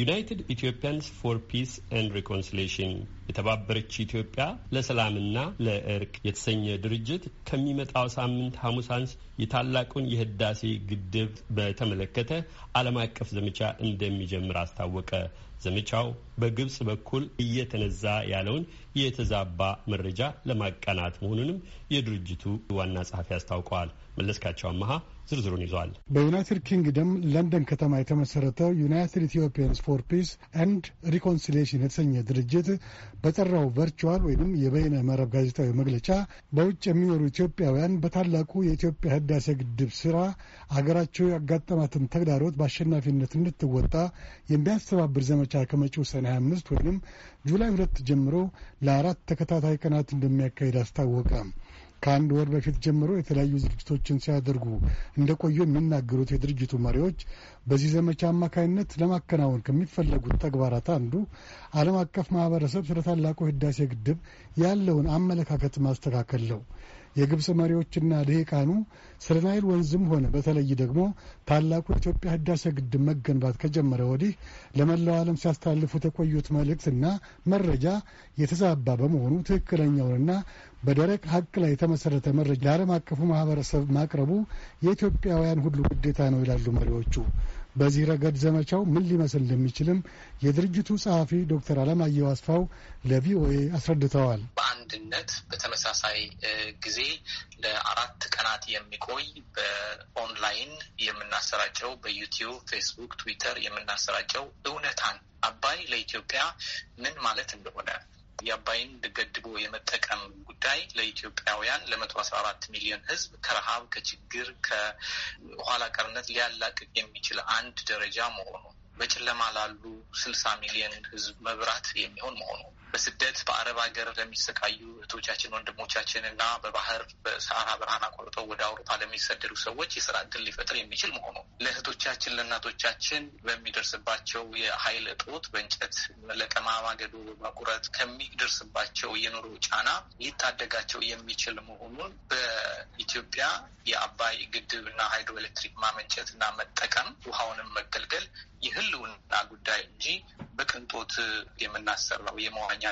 ዩናይትድ ኢትዮጵያንስ ፎር ፒስ ኤንድ ሪኮንሲሌሽን የተባበረች ኢትዮጵያ ለሰላምና ለእርቅ የተሰኘ ድርጅት ከሚመጣው ሳምንት ሐሙስ አንስ የታላቁን የህዳሴ ግድብ በተመለከተ ዓለም አቀፍ ዘመቻ እንደሚጀምር አስታወቀ። ዘመቻው በግብጽ በኩል እየተነዛ ያለውን የተዛባ መረጃ ለማቃናት መሆኑንም የድርጅቱ ዋና ጸሐፊ አስታውቀዋል። መለስካቸው አመሃ ዝርዝሩን ይዟል። በዩናይትድ ኪንግደም ለንደን ከተማ የተመሰረተው ዩናይትድ ኢትዮፒያንስ ፎር ፒስ ኤንድ ሪኮንሲሌሽን የተሰኘ ድርጅት በጠራው ቨርቹዋል ወይም የበይነ መረብ ጋዜጣዊ መግለጫ በውጭ የሚኖሩ ኢትዮጵያውያን በታላቁ የኢትዮጵያ ህዳሴ ግድብ ስራ አገራቸው ያጋጠማትን ተግዳሮት በአሸናፊነት እንድትወጣ የሚያስተባብር ዘመቻ ከመጪው ሰኔ 25 ወይም ጁላይ ሁለት ጀምሮ ለአራት ተከታታይ ቀናት እንደሚያካሂድ አስታወቀ። ከአንድ ወር በፊት ጀምሮ የተለያዩ ዝግጅቶችን ሲያደርጉ እንደቆዩ የሚናገሩት የድርጅቱ መሪዎች በዚህ ዘመቻ አማካይነት ለማከናወን ከሚፈለጉት ተግባራት አንዱ ዓለም አቀፍ ማህበረሰብ ስለ ታላቁ ህዳሴ ግድብ ያለውን አመለካከት ማስተካከል ነው። የግብፅ መሪዎችና ደቂቃኑ ስለ ናይል ወንዝም ሆነ በተለይ ደግሞ ታላቁ የኢትዮጵያ ህዳሴ ግድብ መገንባት ከጀመረ ወዲህ ለመላው ዓለም ሲያስተላልፉት የቆዩት መልእክትና መረጃ የተዛባ በመሆኑ ትክክለኛውንና በደረቅ ሀቅ ላይ የተመሰረተ መረጃ ለዓለም አቀፉ ማህበረሰብ ማቅረቡ የኢትዮጵያውያን ሁሉ ግዴታ ነው ይላሉ መሪዎቹ። በዚህ ረገድ ዘመቻው ምን ሊመስል እንደሚችልም የድርጅቱ ጸሐፊ ዶክተር አለማየሁ አስፋው ለቪኦኤ አስረድተዋል። በአንድነት በተመሳሳይ ጊዜ ለአራት ቀናት የሚቆይ በኦንላይን የምናሰራጨው በዩቲዩብ፣ ፌስቡክ፣ ትዊተር የምናሰራጨው እውነታን አባይ ለኢትዮጵያ ምን ማለት እንደሆነ የአባይን ገድቦ የመጠቀም ጉዳይ ለኢትዮጵያውያን ለመቶ አስራ አራት ሚሊዮን ሕዝብ ከረሃብ፣ ከችግር፣ ከኋላ ቀርነት ሊያላቅቅ የሚችል አንድ ደረጃ መሆኑ በጨለማ ላሉ ስልሳ ሚሊዮን ሕዝብ መብራት የሚሆን መሆኑ በስደት በአረብ ሀገር ለሚሰቃዩ እህቶቻችን ወንድሞቻችን እና በባህር በሰሃራ በረሃን አቋርጠው ወደ አውሮፓ ለሚሰደዱ ሰዎች የስራ እድል ሊፈጥር የሚችል መሆኑ ለእህቶቻችን ለእናቶቻችን በሚደርስባቸው የኃይል እጦት በእንጨት ለቀማ ማገዶ በማቁረጥ ከሚደርስባቸው የኑሮ ጫና ሊታደጋቸው የሚችል መሆኑን በኢትዮጵያ የአባይ ግድብ እና ሃይድሮ ኤሌክትሪክ ማመንጨት እና መጠቀም ውሃውንም መገልገል የህልውና ጉዳይ እንጂ በቅንጦት የምናሰራው የመዋኛ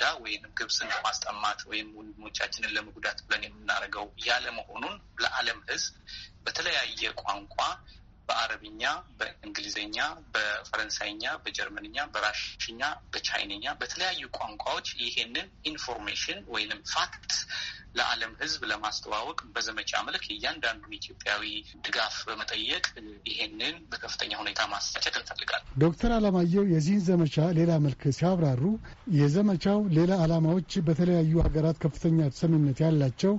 ዳ ወይም ግብፅን ለማስጠማት ወይም ወንድሞቻችንን ለመጉዳት ብለን የምናደርገው ያለ መሆኑን ለዓለም ሕዝብ በተለያየ ቋንቋ በአረብኛ፣ በእንግሊዝኛ፣ በፈረንሳይኛ፣ በጀርመንኛ፣ በራሽኛ፣ በቻይንኛ በተለያዩ ቋንቋዎች ይሄንን ኢንፎርሜሽን ወይንም ፋክት ለዓለም ሕዝብ ለማስተዋወቅ በዘመቻ መልክ እያንዳንዱን ኢትዮጵያዊ ድጋፍ በመጠየቅ ይሄንን በከፍተኛ ሁኔታ ማሳቸት እንፈልጋለን። ዶክተር አለማየሁ የዚህን ዘመቻ ሌላ መልክ ሲያብራሩ የዘመቻው ሌላ ዓላማዎች በተለያዩ ሀገራት ከፍተኛ ተሰሚነት ያላቸው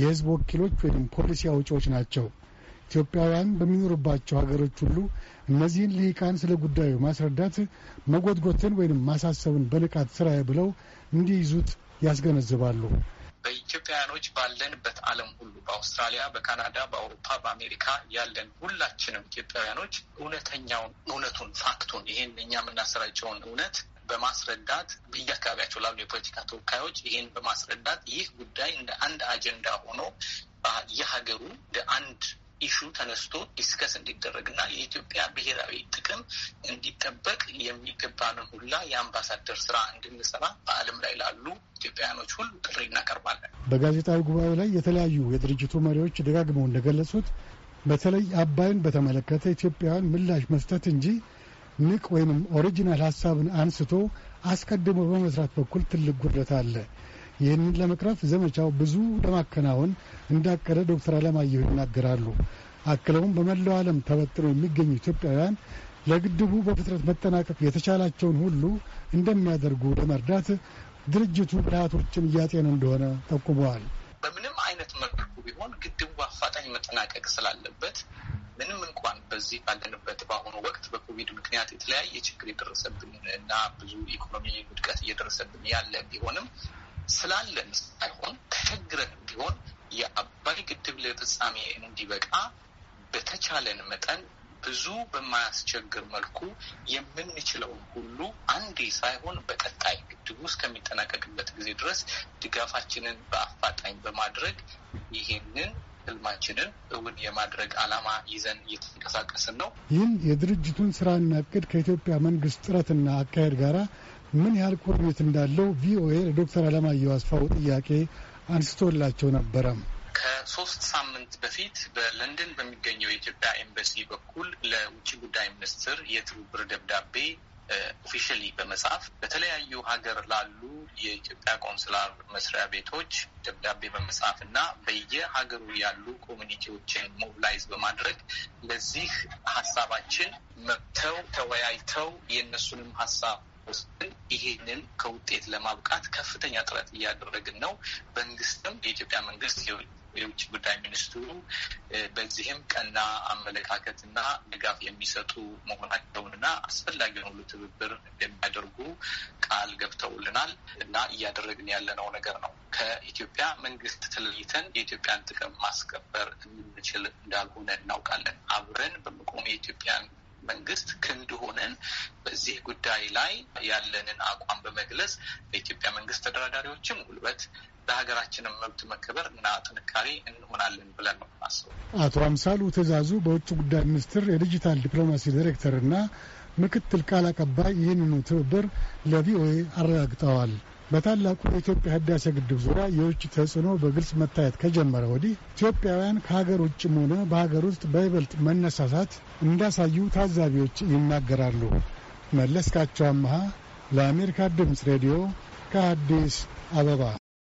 የህዝብ ወኪሎች ወይም ፖሊሲ አውጪዎች ናቸው። ኢትዮጵያውያን በሚኖሩባቸው ሀገሮች ሁሉ እነዚህን ልሂቃን ስለ ጉዳዩ ማስረዳት፣ መጎትጎትን ወይም ማሳሰብን በንቃት ስራዬ ብለው እንዲይዙት ያስገነዝባሉ። በኢትዮጵያውያኖች ባለንበት ዓለም ሁሉ በአውስትራሊያ፣ በካናዳ፣ በአውሮፓ፣ በአሜሪካ ያለን ሁላችንም ኢትዮጵያውያኖች እውነተኛውን እውነቱን ፋክቱን ይሄን እኛ የምናሰራጨውን እውነት በማስረዳት በየአካባቢያቸው ላሉ የፖለቲካ ተወካዮች ይህን በማስረዳት ይህ ጉዳይ እንደ አንድ አጀንዳ ሆኖ የሀገሩ እንደ አንድ ኢሹ ተነስቶ ዲስከስ እንዲደረግና የኢትዮጵያ ብሔራዊ ጥቅም እንዲጠበቅ የሚገባ ነው ሁላ የአምባሳደር ስራ እንድንሰራ በዓለም ላይ ላሉ ኢትዮጵያውያኖች ሁሉ ጥሪ እናቀርባለን። በጋዜጣዊ ጉባኤ ላይ የተለያዩ የድርጅቱ መሪዎች ደጋግመው እንደገለጹት በተለይ አባይን በተመለከተ ኢትዮጵያውያን ምላሽ መስጠት እንጂ ንቅ ወይንም ኦሪጂናል ሀሳብን አንስቶ አስቀድሞ በመስራት በኩል ትልቅ ጉድለት አለ። ይህንን ለመቅረፍ ዘመቻው ብዙ ለማከናወን እንዳቀደ ዶክተር አለማየሁ ይናገራሉ። አክለውም በመላው ዓለም ተበጥነው የሚገኙ ኢትዮጵያውያን ለግድቡ በፍጥነት መጠናቀቅ የተቻላቸውን ሁሉ እንደሚያደርጉ ለመርዳት ድርጅቱ ብልሃቶችን እያጤነ እንደሆነ ጠቁመዋል። በምንም አይነት መልኩ ቢሆን ግድቡ አፋጣኝ መጠናቀቅ ስላለበት ምንም እንኳን በዚህ ባለንበት በአሁኑ ወቅት በኮቪድ ምክንያት የተለያየ ችግር የደረሰብን እና ብዙ ኢኮኖሚ ውድቀት እየደረሰብን ያለ ቢሆንም ስላለን ሳይሆን ተቸግረን ቢሆን የአባይ ግድብ ለፍጻሜ እንዲበቃ በተቻለን መጠን ብዙ በማያስቸግር መልኩ የምንችለውን ሁሉ አንዴ ሳይሆን በቀጣይ ግድቡ እስከሚጠናቀቅበት ጊዜ ድረስ ድጋፋችንን በአፋጣኝ በማድረግ ይህንን ህልማችንን እውን የማድረግ ዓላማ ይዘን እየተንቀሳቀስን ነው። ይህን የድርጅቱን ስራና እቅድ ከኢትዮጵያ መንግስት ጥረትና አካሄድ ጋር ምን ያህል ኮርቤት እንዳለው ቪኦኤ ለዶክተር አለማየሁ አስፋው ጥያቄ አንስቶላቸው ነበረ። ከሶስት ሳምንት በፊት በለንደን በሚገኘው የኢትዮጵያ ኤምባሲ በኩል ለውጭ ጉዳይ ሚኒስትር የትብብር ደብዳቤ ኦፊሻሊ በመጻፍ በተለያዩ ሀገር ላሉ የኢትዮጵያ ቆንስላር መስሪያ ቤቶች ደብዳቤ በመጻፍ እና በየሀገሩ ያሉ ኮሚኒቲዎችን ሞብላይዝ በማድረግ ለዚህ ሀሳባችን መጥተው ተወያይተው የእነሱንም ሀሳብ ወስደን ይሄንን ከውጤት ለማብቃት ከፍተኛ ጥረት እያደረግን ነው። መንግስትም የኢትዮጵያ መንግስት የውጭ ጉዳይ ሚኒስትሩ በዚህም ቀና አመለካከትና ድጋፍ የሚሰጡ መሆናቸውንና አስፈላጊውን ሁሉ ትብብር እንደሚያደርጉ ቃል ገብተውልናል እና እያደረግን ያለነው ነገር ነው። ከኢትዮጵያ መንግስት ተለይተን የኢትዮጵያን ጥቅም ማስከበር የምንችል እንዳልሆነ እናውቃለን። አብረን በመቆም የኢትዮጵያን መንግስት ክንድ ሆነን በዚህ ጉዳይ ላይ ያለንን አቋም በመግለጽ በኢትዮጵያ መንግስት ተደራዳሪዎችም ጉልበት ለሀገራችንም መብት መከበር እና ጥንካሬ እንሆናለን ብለን ነው አስበው። አቶ አምሳሉ ትእዛዙ በውጭ ጉዳይ ሚኒስትር የዲጂታል ዲፕሎማሲ ዲሬክተር እና ምክትል ቃል አቀባይ ይህንኑ ትብብር ለቪኦኤ አረጋግጠዋል። በታላቁ የኢትዮጵያ ህዳሴ ግድብ ዙሪያ የውጭ ተጽዕኖ በግልጽ መታየት ከጀመረ ወዲህ ኢትዮጵያውያን ከሀገር ውጭም ሆነ በሀገር ውስጥ በይበልጥ መነሳሳት እንዳሳዩ ታዛቢዎች ይናገራሉ። መለስካቸው አመሃ ለአሜሪካ ድምፅ ሬዲዮ ከአዲስ አበባ